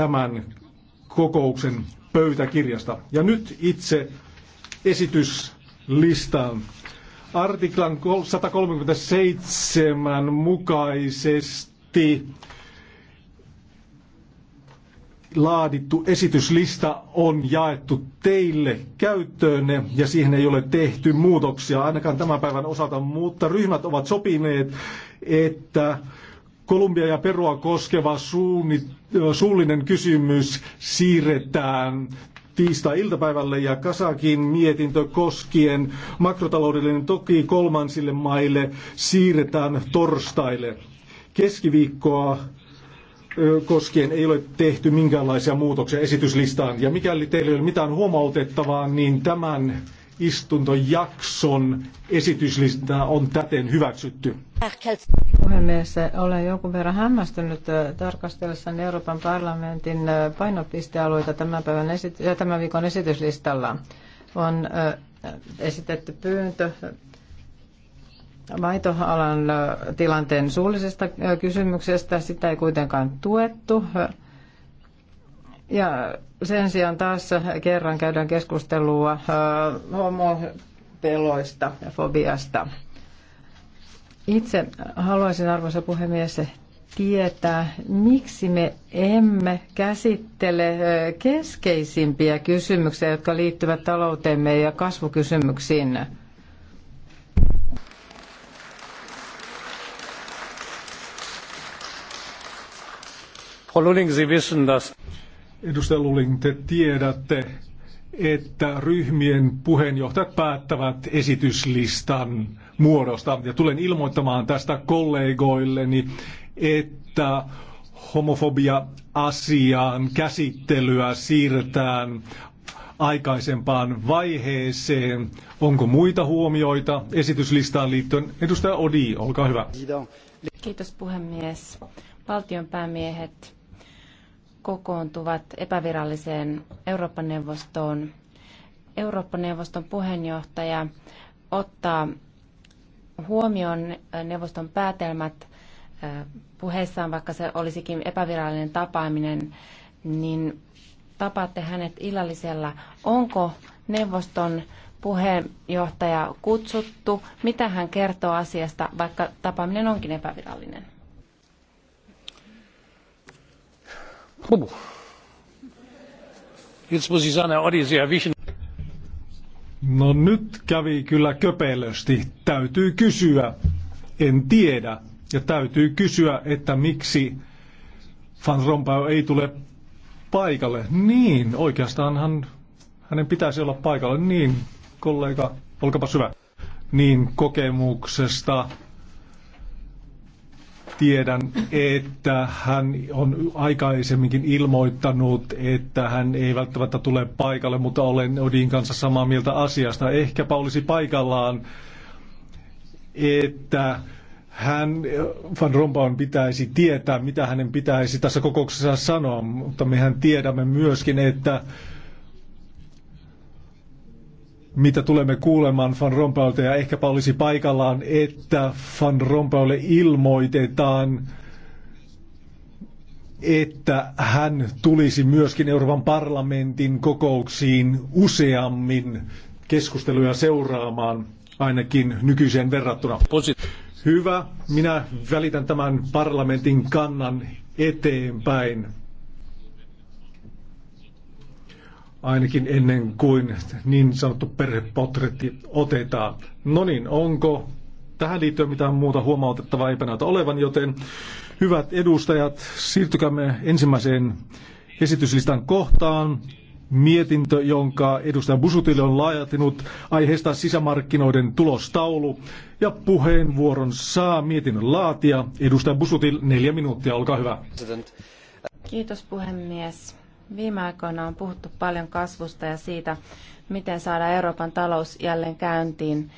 tämän kokouksen pöytäkirjasta. Ja nyt itse esityslistaan. Artiklan 137 mukaisesti laadittu esityslista on jaettu teille käyttöönne ja siihen ei ole tehty muutoksia ainakaan tämän päivän osalta, mutta ryhmät ovat sopineet, että Kolumbia ja Perua koskeva suullinen kysymys siirretään tiistai-iltapäivälle ja Kasakin mietintö koskien makrotaloudellinen toki kolmansille maille siirretään torstaille. Keskiviikkoa koskien ei ole tehty minkäänlaisia muutoksia esityslistaan. Ja mikäli teillä ei ole mitään huomautettavaa, niin tämän istuntojakson esityslista on täten hyväksytty. Puhemies, olen jonkun verran hämmästynyt tarkastellessani Euroopan parlamentin painopistealueita tämän, päivän esity- tämän viikon esityslistalla. On esitetty pyyntö maitoalan tilanteen suullisesta kysymyksestä. Sitä ei kuitenkaan tuettu. Ja sen sijaan taas kerran käydään keskustelua äh, homopeloista ja fobiasta. Itse haluaisin, arvoisa puhemies, tietää, miksi me emme käsittele äh, keskeisimpiä kysymyksiä, jotka liittyvät talouteemme ja kasvukysymyksiin. Frau Lulling, Sie wissen, dass Edustaja Luling, te tiedätte, että ryhmien puheenjohtajat päättävät esityslistan muodosta. Ja tulen ilmoittamaan tästä kollegoilleni, että homofobia-asian käsittelyä siirretään aikaisempaan vaiheeseen. Onko muita huomioita esityslistaan liittyen? Edustaja Odi, olkaa hyvä. Kiitos puhemies. Valtion päämiehet kokoontuvat epäviralliseen Eurooppa-neuvostoon. Eurooppa-neuvoston puheenjohtaja ottaa huomioon neuvoston päätelmät äh, puheessaan, vaikka se olisikin epävirallinen tapaaminen, niin tapaatte hänet illallisella. Onko neuvoston puheenjohtaja kutsuttu? Mitä hän kertoo asiasta, vaikka tapaaminen onkin epävirallinen? No nyt kävi kyllä köpelösti. Täytyy kysyä, en tiedä. Ja täytyy kysyä, että miksi Van Rompuy ei tule paikalle. Niin, oikeastaanhan hänen pitäisi olla paikalla. Niin, kollega, olkapa hyvä. Niin, kokemuksesta Tiedän, että hän on aikaisemminkin ilmoittanut, että hän ei välttämättä tule paikalle, mutta olen Odin kanssa samaa mieltä asiasta. Ehkäpä olisi paikallaan, että hän, Van Rompuyn pitäisi tietää, mitä hänen pitäisi tässä kokouksessa sanoa, mutta mehän tiedämme myöskin, että mitä tulemme kuulemaan Van Rompelta ja ehkäpä olisi paikallaan, että Van Rompuylle ilmoitetaan, että hän tulisi myöskin Euroopan parlamentin kokouksiin useammin keskusteluja seuraamaan, ainakin nykyiseen verrattuna. Hyvä, minä välitän tämän parlamentin kannan eteenpäin. ainakin ennen kuin niin sanottu perhepotretti otetaan. No niin, onko tähän liittyen mitään muuta huomautettavaa eipä näytä olevan, joten hyvät edustajat, siirtykäämme ensimmäiseen esityslistan kohtaan. Mietintö, jonka edustaja Busutille on laajatinut aiheesta sisämarkkinoiden tulostaulu. Ja puheenvuoron saa mietinnön laatia. Edustaja Busutil, neljä minuuttia, olkaa hyvä. Kiitos puhemies. Viime aikoina on puhuttu paljon kasvusta ja siitä, miten saada Euroopan talous jälleen käyntiin.